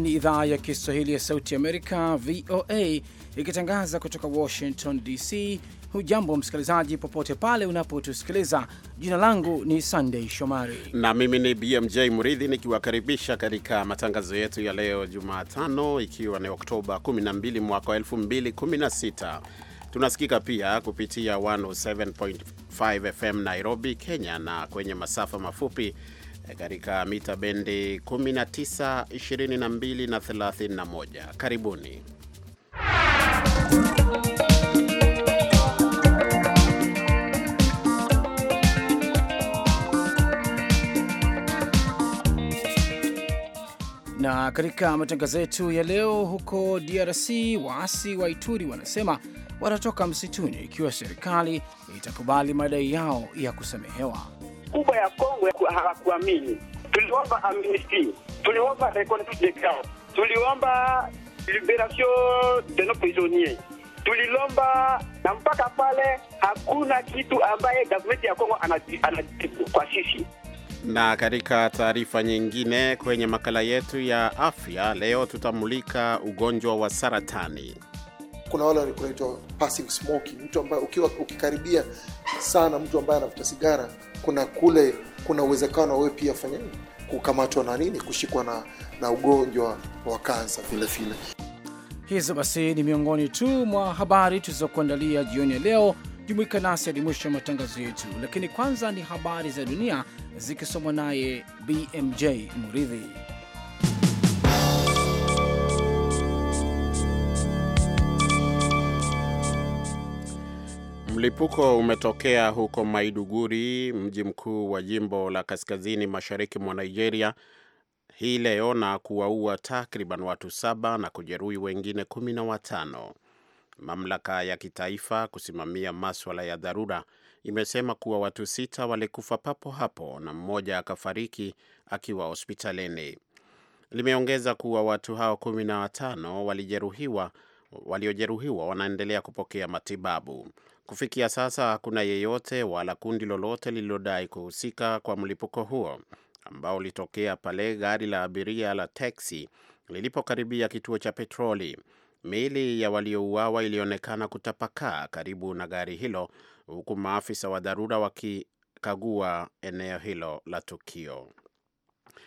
Hii ni idhaa ya Kiswahili ya Sauti Amerika, VOA, ikitangaza kutoka Washington DC. Hujambo msikilizaji, popote pale unapotusikiliza. Jina langu ni sandey Shomari na mimi ni BMJ mridhi nikiwakaribisha katika matangazo yetu ya leo Jumatano, ikiwa ni Oktoba 12 mwaka 2016. Tunasikika pia kupitia 107.5 FM Nairobi, Kenya, na kwenye masafa mafupi katika mita bendi 19, 22 na 31. Karibuni. Na katika matangazo yetu ya leo, huko DRC waasi wa Ituri wanasema watatoka msituni ikiwa serikali itakubali madai yao ya kusamehewa kubwa ya Kongo hawakuamini. Tuliomba amnesty, tuliomba reconnaissance de cas, tuliomba liberation de nos prisonniers, tulilomba na mpaka pale hakuna kitu ambaye gavumenti ya Kongo anajibu kwa sisi. Na katika taarifa nyingine, kwenye makala yetu ya afya leo tutamulika ugonjwa wa saratani. Kuna wale wanaitwa passive smoking, mtu ambaye ukiwa ukikaribia sana mtu ambaye anavuta sigara kuna kule, kuna uwezekano wewe pia fanya kukamatwa na nini, kushikwa na, na ugonjwa wa kansa vile vile. Hizo basi ni miongoni tu mwa habari tulizokuandalia jioni ya leo. Jumuika nasi hadi mwisho ya matangazo yetu, lakini kwanza ni habari za dunia zikisomwa naye BMJ Muridhi. Mlipuko umetokea huko Maiduguri, mji mkuu wa jimbo la kaskazini mashariki mwa Nigeria hii leo na kuwaua takriban watu saba na kujeruhi wengine kumi na watano. Mamlaka ya kitaifa kusimamia maswala ya dharura imesema kuwa watu sita walikufa papo hapo na mmoja akafariki akiwa hospitalini. Limeongeza kuwa watu hao kumi na watano waliojeruhiwa wanaendelea kupokea matibabu. Kufikia sasa hakuna yeyote wala kundi lolote lililodai kuhusika kwa mlipuko huo ambao ulitokea pale gari la abiria la teksi lilipokaribia kituo cha petroli. Miili ya waliouawa ilionekana kutapakaa karibu na gari hilo, huku maafisa wa dharura wakikagua eneo hilo la tukio.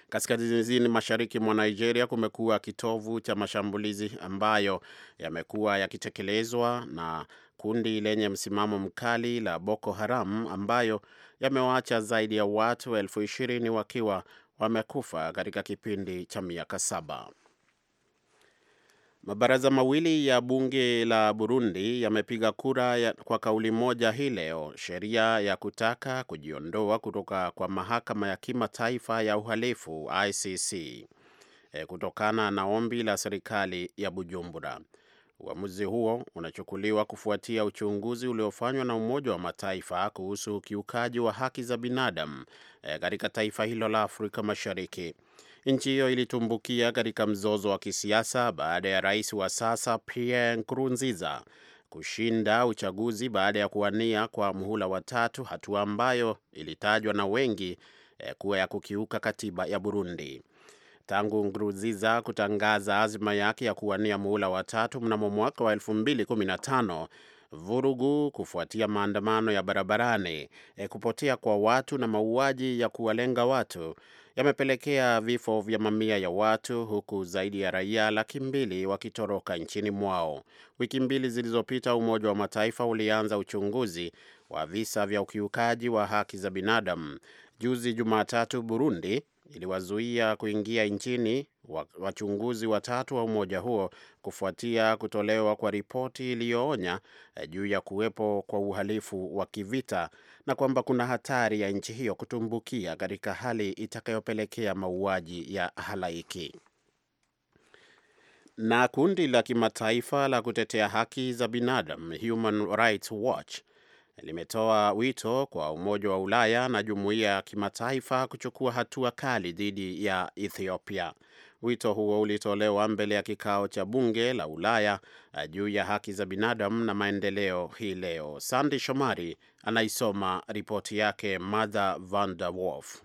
Kaskazini mashariki mwa Nigeria kumekuwa kitovu cha mashambulizi ambayo yamekuwa yakitekelezwa na kundi lenye msimamo mkali la Boko Haram ambayo yamewaacha zaidi ya watu elfu ishirini wakiwa wamekufa katika kipindi cha miaka saba. Mabaraza mawili ya bunge la Burundi yamepiga kura ya kwa kauli moja hii leo sheria ya kutaka kujiondoa kutoka kwa mahakama ya kimataifa ya uhalifu ICC, eh, kutokana na ombi la serikali ya Bujumbura. Uamuzi huo unachukuliwa kufuatia uchunguzi uliofanywa na Umoja wa Mataifa kuhusu ukiukaji wa haki za binadamu e, katika taifa hilo la Afrika Mashariki. Nchi hiyo ilitumbukia katika mzozo wa kisiasa baada ya rais wa sasa Pierre Nkurunziza kushinda uchaguzi baada ya kuwania kwa muhula wa tatu, hatua ambayo ilitajwa na wengi e, kuwa ya kukiuka katiba ya Burundi tangu Nkurunziza kutangaza azima yake ya kuwania muhula watatu mnamo mwaka wa 2015 vurugu kufuatia maandamano ya barabarani, e, kupotea kwa watu na mauaji ya kuwalenga watu yamepelekea vifo vya mamia ya watu huku zaidi ya raia laki mbili wakitoroka nchini mwao. Wiki mbili zilizopita, Umoja wa Mataifa ulianza uchunguzi wa visa vya ukiukaji wa haki za binadamu. Juzi Jumatatu, Burundi iliwazuia kuingia nchini wachunguzi watatu wa umoja huo kufuatia kutolewa kwa ripoti iliyoonya eh, juu ya kuwepo kwa uhalifu wa kivita na kwamba kuna hatari ya nchi hiyo kutumbukia katika hali itakayopelekea mauaji ya halaiki. Na kundi la kimataifa la kutetea haki za binadamu Human Rights Watch limetoa wito kwa Umoja wa Ulaya na jumuiya ya kimataifa kuchukua hatua kali dhidi ya Ethiopia. Wito huo ulitolewa mbele ya kikao cha bunge la Ulaya eh, juu ya haki za binadamu na maendeleo hii leo. Sandi Shomari anaisoma ripoti yake madha Van der Wolf.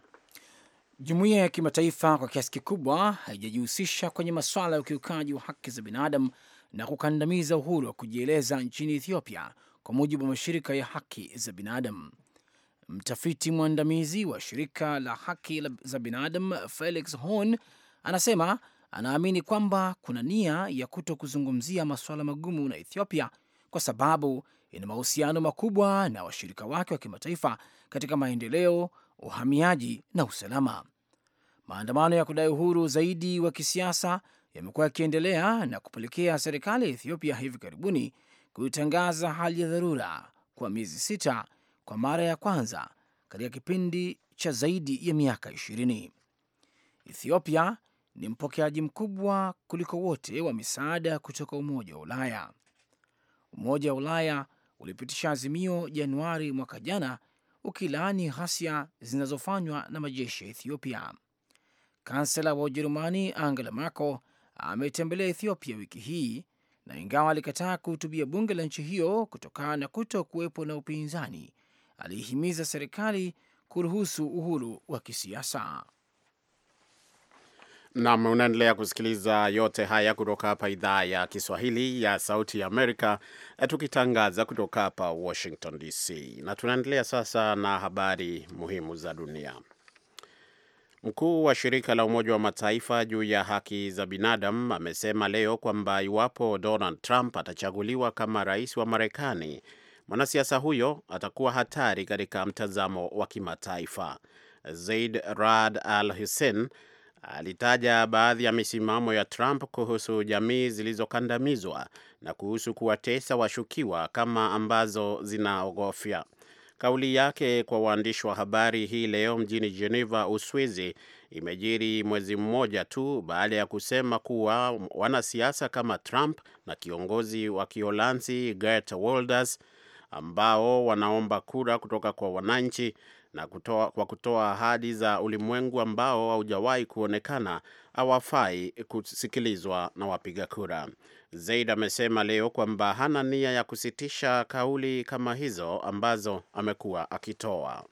Jumuiya ya kimataifa kwa kiasi kikubwa haijajihusisha kwenye masuala ya ukiukaji wa haki za binadamu na kukandamiza uhuru wa kujieleza nchini Ethiopia kwa mujibu wa mashirika ya haki za binadamu. Mtafiti mwandamizi wa shirika la haki za binadamu Felix Horn anasema anaamini kwamba kuna nia ya kuto kuzungumzia masuala magumu na Ethiopia kwa sababu ina mahusiano makubwa na washirika wake wa kimataifa katika maendeleo, uhamiaji na usalama. Maandamano ya kudai uhuru zaidi wa kisiasa yamekuwa yakiendelea na kupelekea serikali ya Ethiopia hivi karibuni kuitangaza hali ya dharura kwa miezi sita kwa mara ya kwanza katika kipindi cha zaidi ya miaka ishirini. Ethiopia ni mpokeaji mkubwa kuliko wote wa misaada kutoka Umoja wa Ulaya. Umoja wa Ulaya ulipitisha azimio Januari mwaka jana ukilaani ghasia zinazofanywa na majeshi ya Ethiopia. Kansela wa Ujerumani Angela Merkel ametembelea Ethiopia wiki hii na ingawa alikataa kuhutubia bunge la nchi hiyo kutokana na kuto kuwepo na upinzani, alihimiza serikali kuruhusu uhuru wa kisiasa. Nam, unaendelea kusikiliza yote haya kutoka hapa idhaa ya Kiswahili ya Sauti ya Amerika, eh, tukitangaza kutoka hapa Washington DC, na tunaendelea sasa na habari muhimu za dunia. Mkuu wa shirika la Umoja wa Mataifa juu ya haki za binadamu amesema leo kwamba iwapo Donald Trump atachaguliwa kama rais wa Marekani, mwanasiasa huyo atakuwa hatari katika mtazamo wa kimataifa. Zaid Rad Al Hussein alitaja baadhi ya misimamo ya Trump kuhusu jamii zilizokandamizwa na kuhusu kuwatesa washukiwa kama ambazo zinaogofya Kauli yake kwa waandishi wa habari hii leo mjini Geneva, Uswizi, imejiri mwezi mmoja tu baada ya kusema kuwa wanasiasa kama Trump na kiongozi wa Kiholanzi Geert Wilders ambao wanaomba kura kutoka kwa wananchi na kutoa, kwa kutoa ahadi za ulimwengu ambao haujawahi kuonekana hawafai kusikilizwa na wapiga kura. Zaid amesema leo kwamba hana nia ya kusitisha kauli kama hizo ambazo amekuwa akitoa.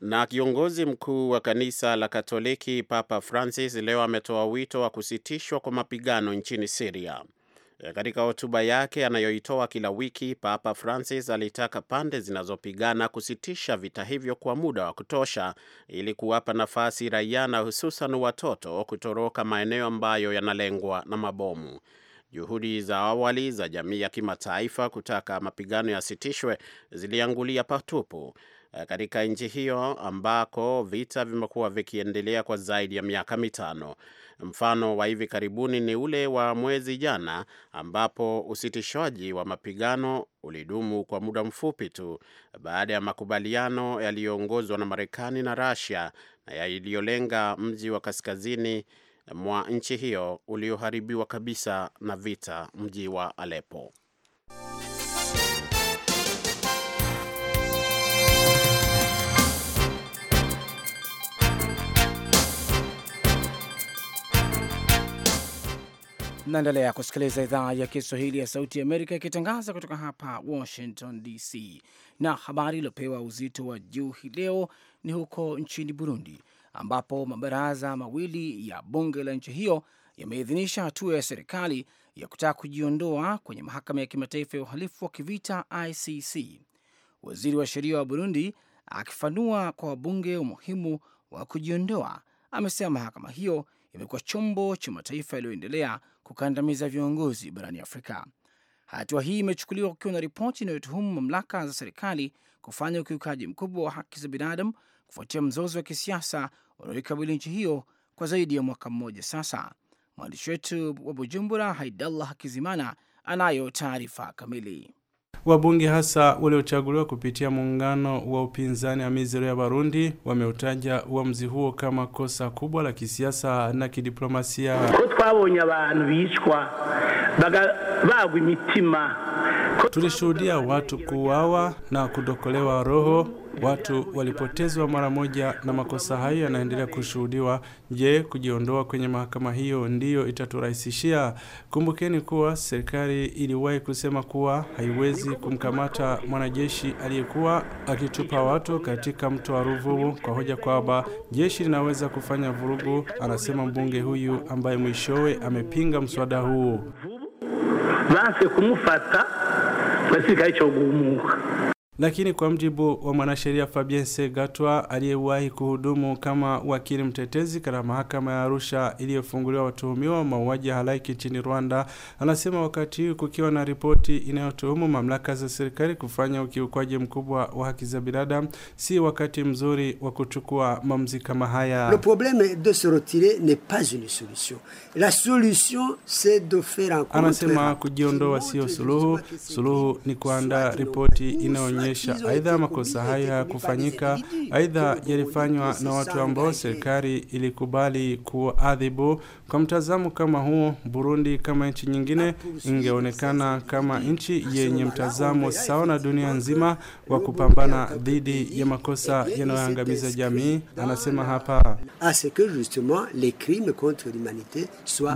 Na kiongozi mkuu wa kanisa la Katoliki Papa Francis leo ametoa wito wa kusitishwa kwa mapigano nchini Siria. E, katika hotuba yake anayoitoa kila wiki, Papa Francis alitaka pande zinazopigana kusitisha vita hivyo kwa muda wa kutosha ili kuwapa nafasi raia na hususan watoto kutoroka maeneo ambayo yanalengwa na mabomu. Juhudi za awali za jamii ya kimataifa kutaka mapigano yasitishwe ziliangulia patupu e, katika nchi hiyo ambako vita vimekuwa vikiendelea kwa zaidi ya miaka mitano. Mfano wa hivi karibuni ni ule wa mwezi jana ambapo usitishaji wa mapigano ulidumu kwa muda mfupi tu baada ya makubaliano yaliyoongozwa na Marekani na Russia na yaliyolenga mji wa kaskazini mwa nchi hiyo ulioharibiwa kabisa na vita, mji wa Aleppo. Naendelea kusikiliza idhaa ya Kiswahili ya Sauti Amerika ikitangaza kutoka hapa Washington DC, na habari iliyopewa uzito wa juu hii leo ni huko nchini Burundi, ambapo mabaraza mawili ya bunge la nchi hiyo yameidhinisha hatua ya serikali ya kutaka kujiondoa kwenye mahakama ya kimataifa ya uhalifu wa kivita ICC. Waziri wa sheria wa Burundi akifanua kwa wabunge umuhimu wa kujiondoa, amesema mahakama hiyo imekuwa chombo cha mataifa yaliyoendelea kukandamiza viongozi barani Afrika. Hatua hii imechukuliwa kukiwa na ripoti inayotuhumu mamlaka za serikali kufanya ukiukaji mkubwa wa haki za binadamu kufuatia mzozo wa kisiasa unaoikabili nchi hiyo kwa zaidi ya mwaka mmoja sasa. Mwandishi wetu wa Bujumbura, Haidallah Hakizimana, anayo taarifa kamili. Wabunge hasa waliochaguliwa kupitia muungano wa upinzani Amizero ya Barundi wameutaja uamuzi huo kama kosa kubwa la kisiasa na kidiplomasia. Ko twabonye abantu bishwa bagwa imitima, tulishuhudia watu kuuawa na kudokolewa roho watu walipotezwa mara moja, na makosa hayo yanaendelea kushuhudiwa. Je, kujiondoa kwenye mahakama hiyo ndiyo itaturahisishia? Kumbukeni kuwa serikali iliwahi kusema kuwa haiwezi kumkamata mwanajeshi aliyekuwa akitupa watu katika mto wa ruvuu kwa hoja kwamba jeshi linaweza kufanya vurugu, anasema mbunge huyu ambaye mwishowe amepinga mswada huu. kumufata basirikare lakini kwa mjibu wa mwanasheria Fabien Segatwa aliyewahi kuhudumu kama wakili mtetezi katika mahakama ya Arusha iliyofunguliwa watuhumiwa wa mauaji ya halaiki nchini Rwanda, anasema wakati huu kukiwa na ripoti inayotuhumu mamlaka za serikali kufanya ukiukwaji mkubwa wa haki za binadamu, si wakati mzuri wa kuchukua maamuzi kama haya. Le probleme de se retirer n'est pas une solution. La solution c'est de faire anasema kujiondoa sio suluhu. Suluhu ni kuandaa ripoti inayo kuonyesha aidha makosa haya kufanyika aidha yalifanywa na watu ambao serikali ilikubali kuadhibu kwa mtazamo kama huo, Burundi kama nchi nyingine ingeonekana kama nchi yenye mtazamo sawa na dunia nzima wa kupambana dhidi ya makosa yanayoangamiza jamii, anasema hapa. Ah,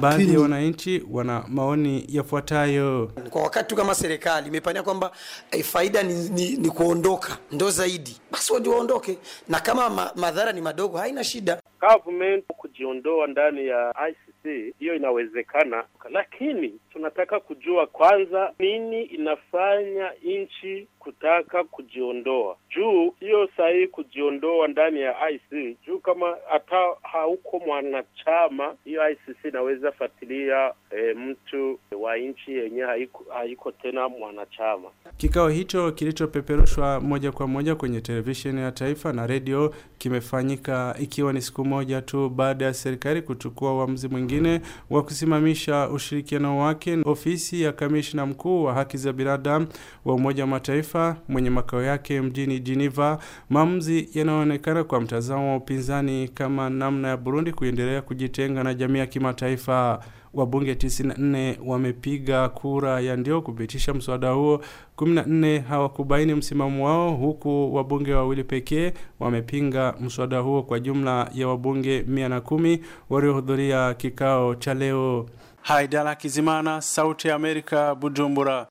Baadhi ya wananchi wana maoni yafuatayo. Kwa wakati kama serikali imepania kwamba eh, faida ni, ni, ni kuondoka ndo zaidi, basi waje waondoke, na kama ma, madhara ni madogo haina shida. Government kujiondoa ndani ya IC DRC, hiyo inawezekana, lakini tunataka kujua kwanza nini inafanya nchi kutaka kujiondoa juu hiyo sahihi kujiondoa ndani ya IC juu kama hata hauko mwanachama hiyo ICC inaweza fuatilia e, mtu wa nchi yenye haiko, haiko tena mwanachama. Kikao hicho kilichopeperushwa moja kwa moja kwenye televisheni ya taifa na redio kimefanyika ikiwa ni siku moja tu baada ya serikali kuchukua uamuzi mwingine wa kusimamisha ushirikiano wake ofisi ya kamishna mkuu wa haki za binadamu wa Umoja wa Mataifa kimataifa mwenye makao yake mjini Geneva, maamuzi yanayoonekana kwa mtazamo wa upinzani kama namna ya Burundi kuendelea kujitenga na jamii ya kimataifa. Wabunge 94 wamepiga kura ya ndio kupitisha mswada huo, 14 hawakubaini msimamo wao, huku wabunge wawili pekee wamepinga mswada huo kwa jumla ya wabunge 110 waliohudhuria kikao cha leo. Haidala Kizimana, Sauti ya Amerika, Bujumbura.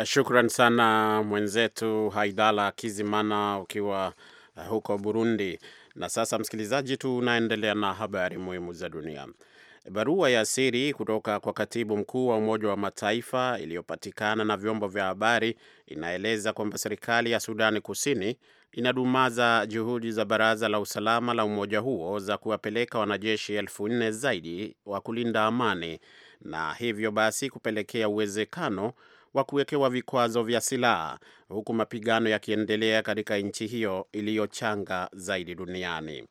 Eh, shukran sana mwenzetu Haidala Kizimana ukiwa eh, huko Burundi. Na sasa, msikilizaji, tunaendelea na habari muhimu za dunia. Barua ya siri kutoka kwa katibu mkuu wa Umoja wa Mataifa iliyopatikana na vyombo vya habari inaeleza kwamba serikali ya Sudani Kusini inadumaza juhudi za Baraza la Usalama la umoja huo za kuwapeleka wanajeshi elfu nne zaidi wa kulinda amani na hivyo basi kupelekea uwezekano wa kuwekewa vikwazo vya silaha huku mapigano yakiendelea katika nchi hiyo iliyochanga zaidi duniani.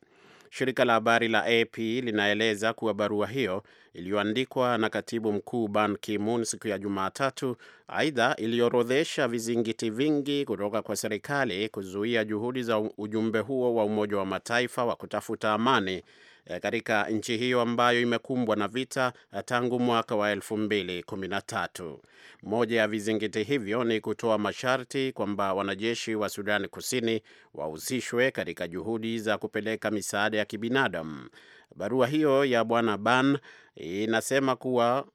Shirika la habari la AP linaeleza kuwa barua hiyo iliyoandikwa na katibu mkuu Ban Ki-moon siku ya Jumatatu, aidha iliorodhesha vizingiti vingi kutoka kwa serikali kuzuia juhudi za ujumbe huo wa Umoja wa Mataifa wa kutafuta amani Eh, katika nchi hiyo ambayo imekumbwa na vita eh, tangu mwaka wa 2013. Moja ya vizingiti hivyo ni kutoa masharti kwamba wanajeshi wa Sudani Kusini wahusishwe katika juhudi za kupeleka misaada ya kibinadamu. Barua hiyo ya Bwana Ban inasema kuwa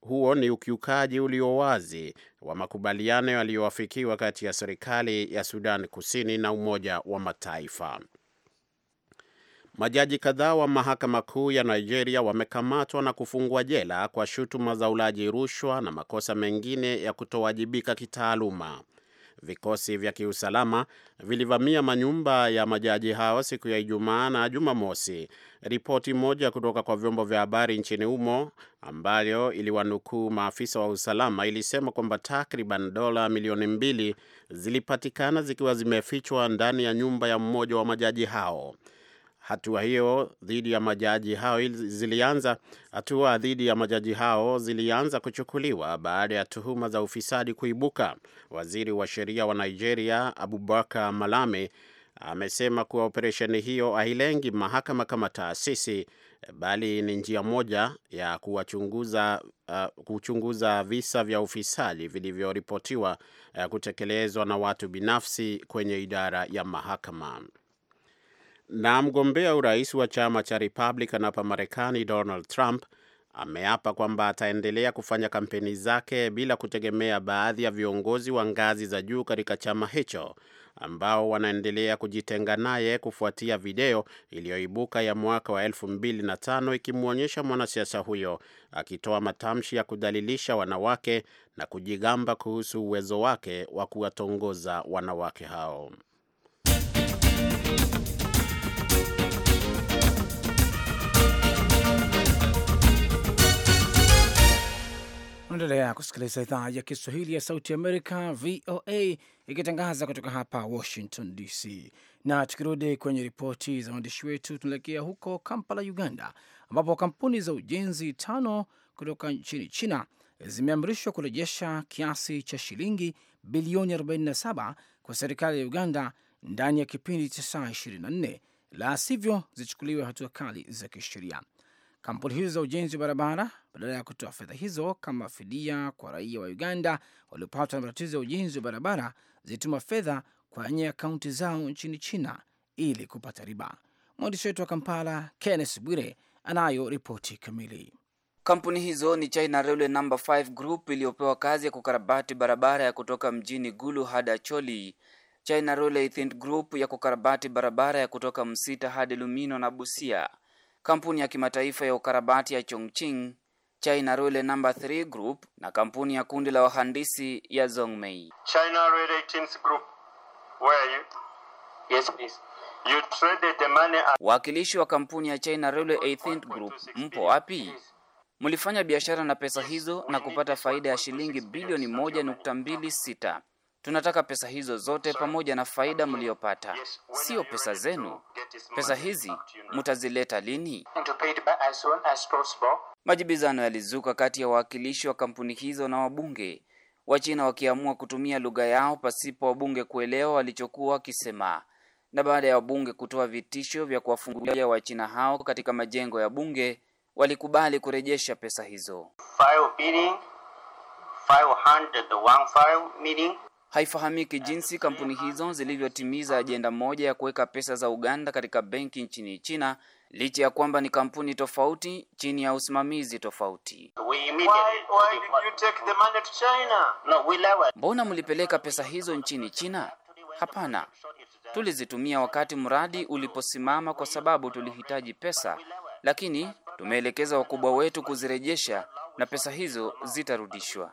huo ni ukiukaji ulio wazi wa makubaliano yaliyoafikiwa kati ya serikali ya Sudan Kusini na Umoja wa Mataifa. Majaji kadhaa wa mahakama kuu ya Nigeria wamekamatwa na kufungwa jela kwa shutuma za ulaji rushwa na makosa mengine ya kutowajibika kitaaluma. Vikosi vya kiusalama vilivamia manyumba ya majaji hao siku ya Ijumaa na Jumamosi. Ripoti moja kutoka kwa vyombo vya habari nchini humo ambayo iliwanukuu maafisa wa usalama ilisema kwamba takriban dola milioni mbili zilipatikana zikiwa zimefichwa ndani ya nyumba ya mmoja wa majaji hao hatua hiyo dhidi ya majaji hao zilianza hatua dhidi ya majaji hao zilianza kuchukuliwa baada ya tuhuma za ufisadi kuibuka. Waziri wa sheria wa Nigeria Abubakar Malame amesema kuwa operesheni hiyo hailengi mahakama kama taasisi, bali ni njia moja ya kuwachunguza uh, kuchunguza visa vya ufisadi vilivyoripotiwa uh, kutekelezwa na watu binafsi kwenye idara ya mahakama. Na mgombea urais wa chama cha Republican hapa Marekani, Donald Trump ameapa kwamba ataendelea kufanya kampeni zake bila kutegemea baadhi ya viongozi wa ngazi za juu katika chama hicho ambao wanaendelea kujitenga naye kufuatia video iliyoibuka ya mwaka wa 2005 ikimwonyesha mwanasiasa huyo akitoa matamshi ya kudhalilisha wanawake na kujigamba kuhusu uwezo wake wa kuwatongoza wanawake hao. Unaendelea kusikiliza idhaa ya Kiswahili ya Sauti Amerika, VOA, ikitangaza kutoka hapa Washington DC. Na tukirudi kwenye ripoti za waandishi wetu, tunaelekea huko Kampala, Uganda, ambapo kampuni za ujenzi tano kutoka nchini China zimeamrishwa kurejesha kiasi cha shilingi bilioni 47 kwa serikali ya Uganda ndani ya kipindi cha saa 24, la sivyo zichukuliwe hatua kali za kisheria. Kampuni hizo za ujenzi wa barabara badala ya kutoa fedha hizo kama fidia kwa raia wa Uganda waliopatwa na matatizo ya ujenzi wa barabara zilituma fedha kwenye akaunti zao nchini China ili kupata riba. Mwandishi wetu wa Kampala, Kenneth Bwire, anayo ripoti kamili. Kampuni hizo ni China Railway Number 5 Group iliyopewa kazi ya kukarabati barabara ya kutoka mjini Gulu hadi Acholi, China Railway Group ya kukarabati barabara ya kutoka Msita hadi Lumino na Busia, kampuni ya kimataifa ya ukarabati ya Chongqing China Railway Number 3 Group na kampuni ya kundi la wahandisi ya Zhongmei. China Railway Teams Group. Where are you? Yes, please. You traded the money at... Wakilishi wa kampuni ya China Railway 18th Group, mpo wapi? Mlifanya biashara na pesa hizo na kupata faida ya shilingi bilioni sita. Tunataka pesa hizo zote pamoja na faida mliyopata, sio pesa zenu. Pesa hizi mtazileta lini? Majibizano yalizuka kati ya wawakilishi wa kampuni hizo na wabunge, Wachina wakiamua kutumia lugha yao pasipo wabunge kuelewa walichokuwa wakisema, na baada ya wabunge kutoa vitisho vya kuwafungulia Wachina hao katika majengo ya bunge, walikubali kurejesha pesa hizo. File meeting, file Haifahamiki jinsi kampuni hizo zilivyotimiza ajenda moja ya kuweka pesa za Uganda katika benki nchini China licha ya kwamba ni kampuni tofauti chini ya usimamizi tofauti. Mbona mlipeleka pesa hizo nchini China? Hapana, tulizitumia wakati mradi uliposimama kwa sababu tulihitaji pesa, lakini tumeelekeza wakubwa wetu kuzirejesha na pesa hizo zitarudishwa.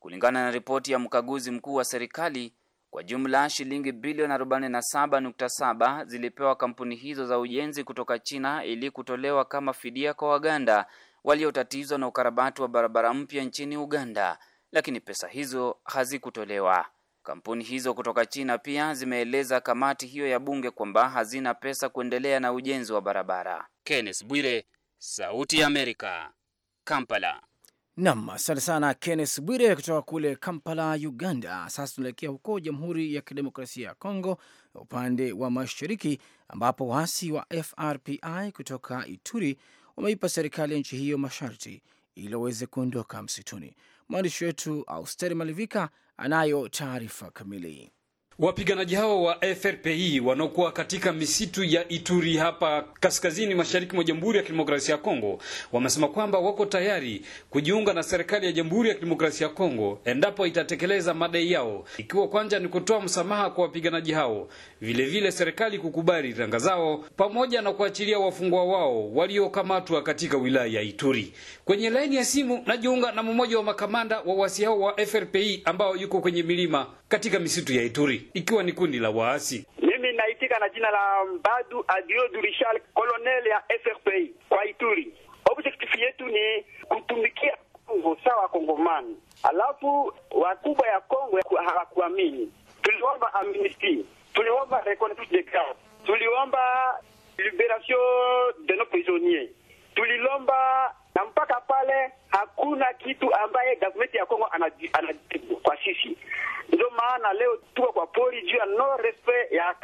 Kulingana na ripoti ya mkaguzi mkuu wa serikali, kwa jumla shilingi bilioni 47.7 zilipewa kampuni hizo za ujenzi kutoka China ili kutolewa kama fidia kwa Waganda waliotatizwa na ukarabati wa barabara mpya nchini Uganda, lakini pesa hizo hazikutolewa. Kampuni hizo kutoka China pia zimeeleza kamati hiyo ya bunge kwamba hazina pesa kuendelea na ujenzi wa barabara. Kenneth Bwire, Sauti ya Amerika, Kampala. Nam, asante sana kennes Bwire kutoka kule Kampala, Uganda. Sasa tunaelekea huko Jamhuri ya Kidemokrasia ya Kongo, upande wa mashariki, ambapo waasi wa FRPI kutoka Ituri wameipa serikali ya nchi hiyo masharti ili waweze kuondoka msituni. Mwandishi wetu Austeri Malivika anayo taarifa kamili. Wapiganaji hao wa FRPI wanaokuwa katika misitu ya Ituri hapa kaskazini mashariki mwa Jamhuri ya Kidemokrasia ya Kongo wamesema kwamba wako tayari kujiunga na serikali ya Jamhuri ya Kidemokrasia ya Kongo endapo itatekeleza madai yao, ikiwa kwanza ni kutoa msamaha kwa wapiganaji hao, vilevile vile serikali kukubali ranga zao pamoja na kuachilia wafungwa wao waliokamatwa katika wilaya ya Ituri. Kwenye laini ya simu najiunga na mmoja wa makamanda wa wasi hao wa FRPI ambao yuko kwenye milima katika misitu ya Ituri, ikiwa ni kundi la waasi. Mimi naitika na jina la Mbadu Adiodu Richard, colonel ya FRPI kwa Ituri. Objektifu yetu ni kutumikia Kongo sawa Kongomani, alafu wakubwa ya Kongo hawakuamini. Tuliomba amnesty, tuliomba reconnaissance de grade, tuliomba liberation de nos prisonniers, tulilomba na mpaka pale hakuna kitu ambaye gavumenti ya Kongo anajibu kwa sisi. Ndio maana leo tuko kwa pori juu ya no respect ya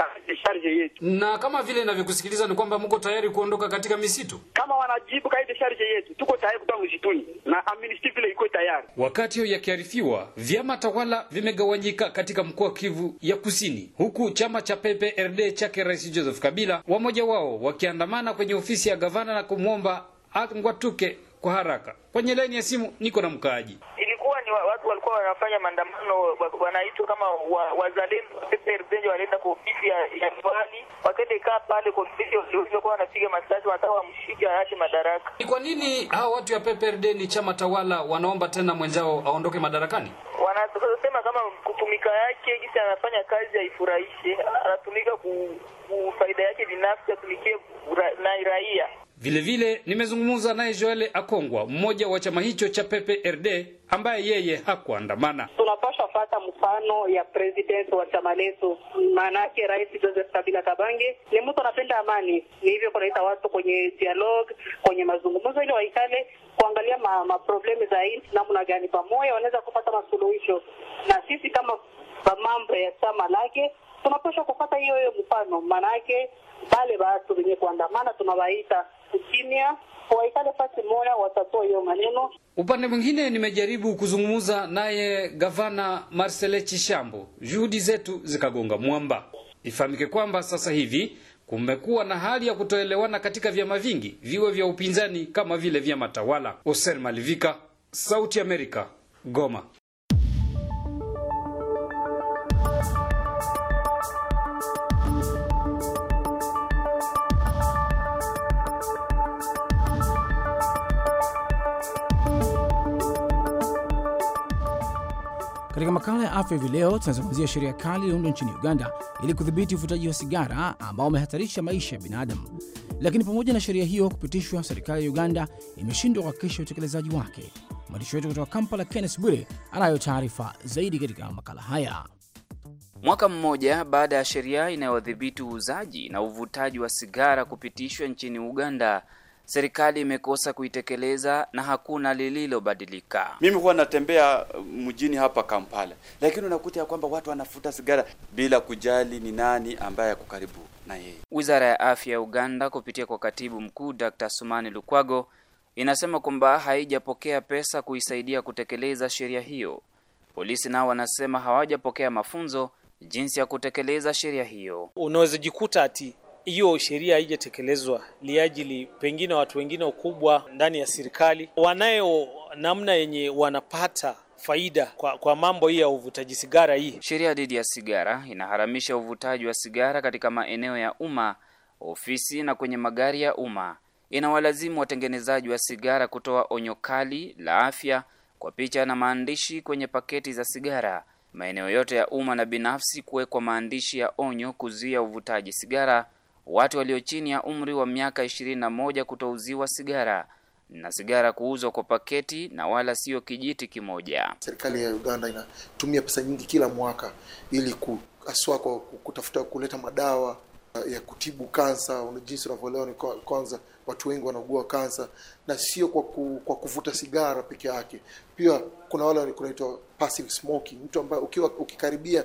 charge yetu. Na kama vile navyokusikiliza ni kwamba mko tayari kuondoka katika misitu, kama wanajibu kaide charge yetu, tuko tayari kutoka msituni na amnesty vile iko tayari. Wakati huo yakiarifiwa, vyama tawala vimegawanyika katika mkoa Kivu ya Kusini, huku chama cha PPRD chake Rais Joseph Kabila, wamoja wao wakiandamana kwenye ofisi ya gavana na kumwomba ngwatuke kwa haraka. Kwenye laini ya simu niko na mkaaji. Ilikuwa ni watu walikuwa wanafanya maandamano, wanaitwa kama wazalendo wa PPRD, walienda kwa ofisi ya diwani, wakaenda kaa pale kwa ofisi walikuwa wanapiga masasi, wanataka wamshike aache madaraka. Ni kwa nini hao watu ya PPRD ni chama tawala wanaomba tena mwenzao aondoke madarakani? Wanasema kama kutumika yake jinsi anafanya kazi haifurahishe, anatumika kufaida faida yake binafsi, atumikie na raia Vilevile nimezungumza naye Joel Akongwa, mmoja wa chama hicho cha Pepe RD ambaye yeye hakuandamana. Tunapaswa fata mfano ya president wa chama letu, maana yake Rais Joseph Kabila Kabange ni mtu anapenda amani, ni hivyo kunaita watu kwenye dialogue, kwenye mazungumzo, ili waikale kuangalia ma, ma problemi za nchi namna gani pamoja wanaweza kupata masuluhisho, na sisi kama mambo ya chama lake tunapaswa kupata hiyo hiyo mfano, maanake bale watu venye kuandamana tunawaita kimya, waikale fasi moja, watatoa hiyo maneno. Upande mwingine, nimejaribu kuzungumza naye gavana Marcele Chishambo, juhudi zetu zikagonga mwamba. Ifahamike kwamba sasa hivi kumekuwa na hali ya kutoelewana katika vyama vingi, viwe vya upinzani kama vile vyama tawala. Oser Malivika, Sauti Amerika, Goma. Katika makala ya afya hivi leo tunazungumzia sheria kali iliundwa nchini Uganda ili kudhibiti uvutaji wa sigara ambao umehatarisha maisha ya binadamu. Lakini pamoja na sheria hiyo kupitishwa, serikali ya Uganda imeshindwa kuhakikisha utekelezaji wake. Mwandishi wetu kutoka Kampala, kennes Bwire, anayo taarifa zaidi katika makala haya. Mwaka mmoja baada ya sheria inayodhibiti uuzaji na uvutaji wa sigara kupitishwa nchini Uganda, serikali imekosa kuitekeleza na hakuna lililobadilika. Mimi huwa natembea uh, mjini hapa Kampala, lakini unakuta ya kwamba watu wanafuta sigara bila kujali ni nani ambaye ako karibu na yeye. Wizara ya afya ya Uganda kupitia kwa katibu mkuu Dr. Sumani Lukwago inasema kwamba haijapokea pesa kuisaidia kutekeleza sheria hiyo. Polisi nao wanasema hawajapokea mafunzo jinsi ya kutekeleza sheria hiyo. Unaweza jikuta ati hiyo sheria haijatekelezwa liajili pengine watu wengine wakubwa ndani ya serikali wanayo namna yenye wanapata faida kwa, kwa mambo hii ya uvutaji sigara. Hii sheria dhidi ya sigara inaharamisha uvutaji wa sigara katika maeneo ya umma, ofisi na kwenye magari ya umma. Inawalazimu watengenezaji wa sigara kutoa onyo kali la afya kwa picha na maandishi kwenye paketi za sigara. Maeneo yote ya umma na binafsi kuwekwa maandishi ya onyo kuzuia uvutaji sigara watu walio chini ya umri wa miaka ishirini na moja kutouziwa sigara na sigara kuuzwa kwa paketi na wala sio kijiti kimoja. Serikali ya Uganda inatumia pesa nyingi kila mwaka ili kuaswa kwa kutafuta kuleta madawa uh, ya kutibu kansa. Jinsi unavyoelewa ni kwanza, watu wengi wanaugua kansa, na sio kwa, ku, kwa kuvuta sigara peke yake. Pia kuna wale kunaitwa passive smoking, mtu ambaye ukiwa ukikaribia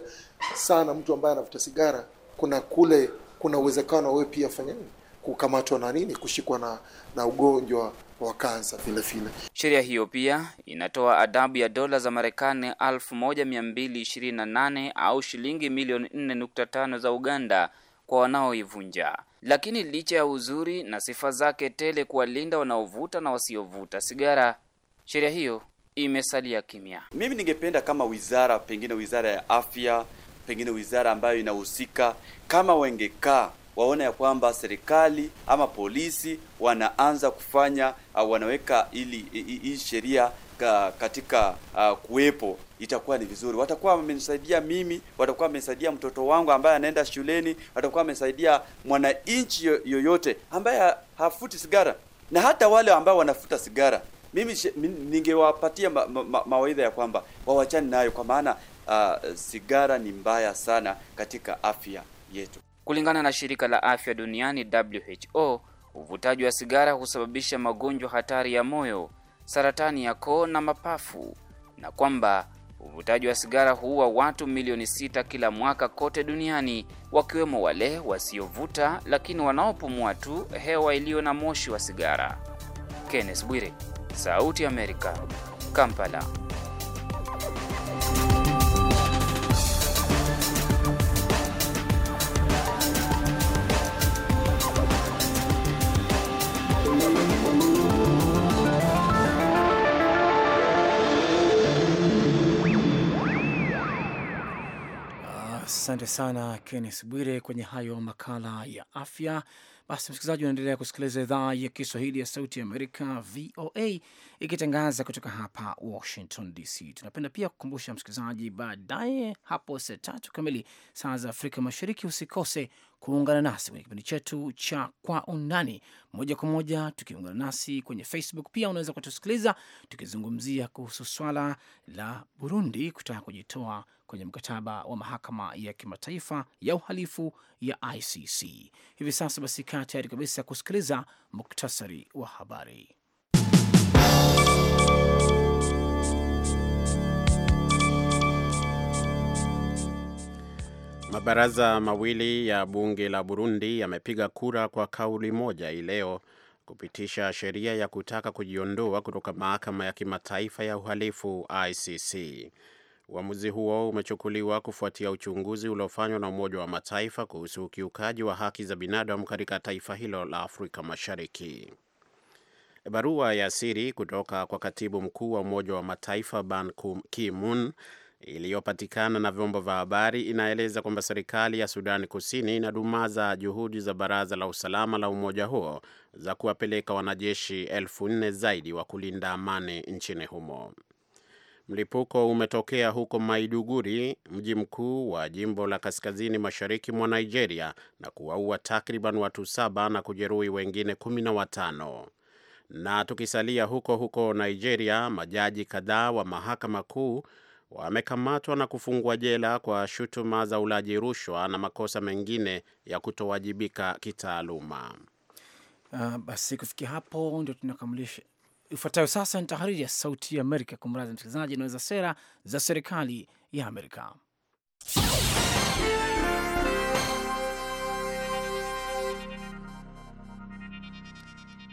sana mtu ambaye anavuta sigara, kuna kule kuna uwezekano wewe pia fanya nini kukamatwa na nini kushikwa na, na ugonjwa wa kansa vile vile. Sheria hiyo pia inatoa adabu ya dola za Marekani 1228 au shilingi milioni 4.5 za Uganda kwa wanaoivunja. Lakini licha ya uzuri na sifa zake tele kuwalinda wanaovuta na wasiovuta sigara, sheria hiyo imesalia kimya. Mimi ningependa kama wizara, pengine wizara ya afya pengine wizara ambayo inahusika, kama wengekaa waona ya kwamba serikali ama polisi wanaanza kufanya uh, wanaweka ili hii sheria ka, katika uh, kuwepo, itakuwa ni vizuri. Watakuwa wamenisaidia mimi, watakuwa wamesaidia mtoto wangu ambaye anaenda shuleni, watakuwa wamesaidia mwananchi yoyote ambaye hafuti sigara, na hata wale ambao wanafuta sigara mimi ningewapatia mawaidha ma, ma, ma ya kwamba wawachane nayo, kwa maana uh, sigara ni mbaya sana katika afya yetu. Kulingana na shirika la afya duniani WHO, uvutaji wa sigara husababisha magonjwa hatari ya moyo, saratani ya koo na mapafu, na kwamba uvutaji wa sigara huua watu milioni sita kila mwaka kote duniani, wakiwemo wale wasiovuta lakini wanaopumua tu hewa iliyo na moshi wa sigara. Kenneth Bwire, Sauti ya Amerika, Kampala. Asante sana Kennes Bwire kwenye hayo makala ya afya. Basi msikilizaji, unaendelea kusikiliza idhaa ya Kiswahili ya Sauti ya Amerika, VOA, ikitangaza kutoka hapa Washington DC. Tunapenda pia kukumbusha msikilizaji, baadaye hapo saa tatu kamili saa za Afrika Mashariki, usikose kuungana nasi kwenye kipindi chetu cha Kwa Undani moja kwa moja, tukiungana nasi kwenye Facebook. Pia unaweza kutusikiliza tukizungumzia kuhusu swala la Burundi kutaka kujitoa kwenye mkataba wa mahakama ya kimataifa ya uhalifu ya ICC. Hivi sasa basi, kaa tayari kabisa kusikiliza muktasari wa habari. Mabaraza mawili ya bunge la Burundi yamepiga kura kwa kauli moja hii leo kupitisha sheria ya kutaka kujiondoa kutoka mahakama ya kimataifa ya uhalifu ICC. Uamuzi huo umechukuliwa kufuatia uchunguzi uliofanywa na Umoja wa Mataifa kuhusu ukiukaji wa haki za binadamu katika taifa hilo la Afrika Mashariki. Barua ya siri kutoka kwa katibu mkuu wa Umoja wa Mataifa Ban Ki-moon iliyopatikana na vyombo vya habari inaeleza kwamba serikali ya sudani Kusini inadumaza juhudi za Baraza la Usalama la umoja huo za kuwapeleka wanajeshi elfu nne zaidi wa kulinda amani nchini humo. Mlipuko umetokea huko Maiduguri, mji mkuu wa jimbo la kaskazini mashariki mwa Nigeria, na kuwaua takriban watu saba na kujeruhi wengine kumi na watano. Na tukisalia huko huko Nigeria, majaji kadhaa wa mahakama kuu wamekamatwa na kufungwa jela kwa shutuma za ulaji rushwa na makosa mengine ya kutowajibika kitaaluma. Uh, basi kufikia hapo ndio tunakamilisha Ifuatayo sasa ni tahariri ya Sauti ya Amerika. Kumradhi msikilizaji, inaweza sera za serikali ya Amerika.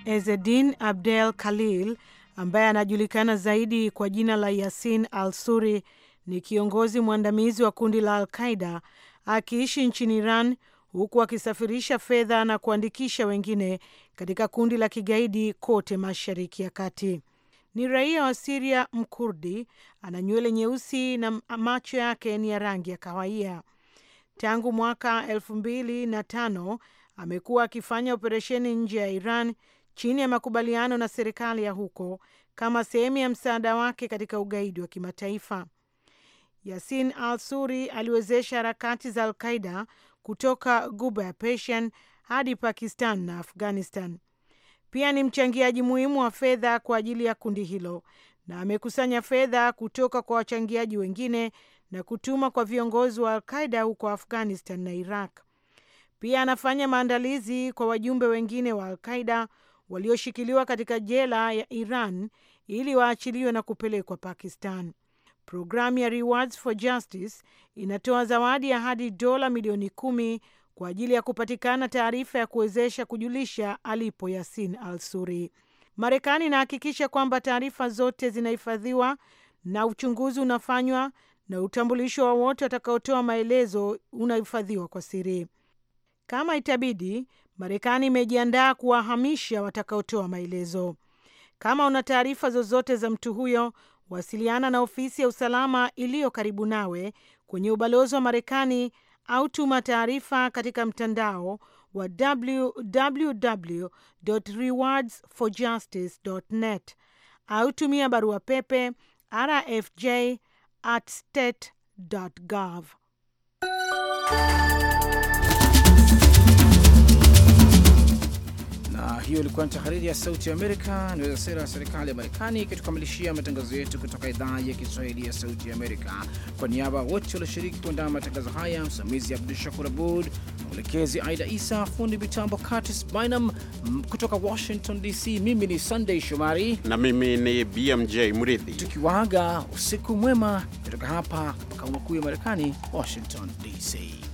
Ezedin Abdel Khalil ambaye anajulikana zaidi kwa jina la Yasin al-Suri ni kiongozi mwandamizi wa kundi la Al-Qaida akiishi nchini Iran huku akisafirisha fedha na kuandikisha wengine katika kundi la kigaidi kote Mashariki ya Kati. Ni raia wa Siria, Mkurdi, ana nywele nyeusi na macho yake ni ya rangi ya kahawia. Tangu mwaka elfu mbili na tano amekuwa akifanya operesheni nje ya Iran chini ya makubaliano na serikali ya huko kama sehemu ya msaada wake katika ugaidi wa kimataifa. Yasin al Suri aliwezesha harakati za Alqaida kutoka Guba ya Persian hadi Pakistan na Afghanistan. Pia ni mchangiaji muhimu wa fedha kwa ajili ya kundi hilo na amekusanya fedha kutoka kwa wachangiaji wengine na kutuma kwa viongozi wa Alqaida huko Afghanistan na Iraq. Pia anafanya maandalizi kwa wajumbe wengine wa Alqaida walioshikiliwa katika jela ya Iran ili waachiliwe na kupelekwa Pakistan. Programu ya Rewards for Justice inatoa zawadi ya hadi dola milioni kumi kwa ajili ya kupatikana taarifa ya kuwezesha kujulisha alipo Yasin al-Suri. Marekani inahakikisha kwamba taarifa zote zinahifadhiwa na uchunguzi unafanywa na utambulisho wa wote watakaotoa maelezo unahifadhiwa kwa siri. Kama itabidi, Marekani imejiandaa kuwahamisha watakaotoa maelezo. Kama una taarifa zozote za mtu huyo, Wasiliana na ofisi ya usalama iliyo karibu nawe kwenye ubalozi wa Marekani au tuma taarifa katika mtandao wa www net au tumia barua pepe gov. hiyo ilikuwa ni tahariri ya Sauti ya Amerika naweza sera ya serikali ya Marekani ikitukamilishia matangazo yetu kutoka idhaa ya Kiswahili ya Sauti ya Amerika. Kwa niaba wote walioshiriki kuandaa matangazo haya, msimamizi Abdu Shakur Abud, mwelekezi Aida Isa, fundi mitambo Curtis Bynam kutoka Washington DC. Mimi ni Sunday Shomari na mimi ni BMJ Mridhi, tukiwaaga usiku mwema kutoka hapa makao makuu ya Marekani, Washington DC.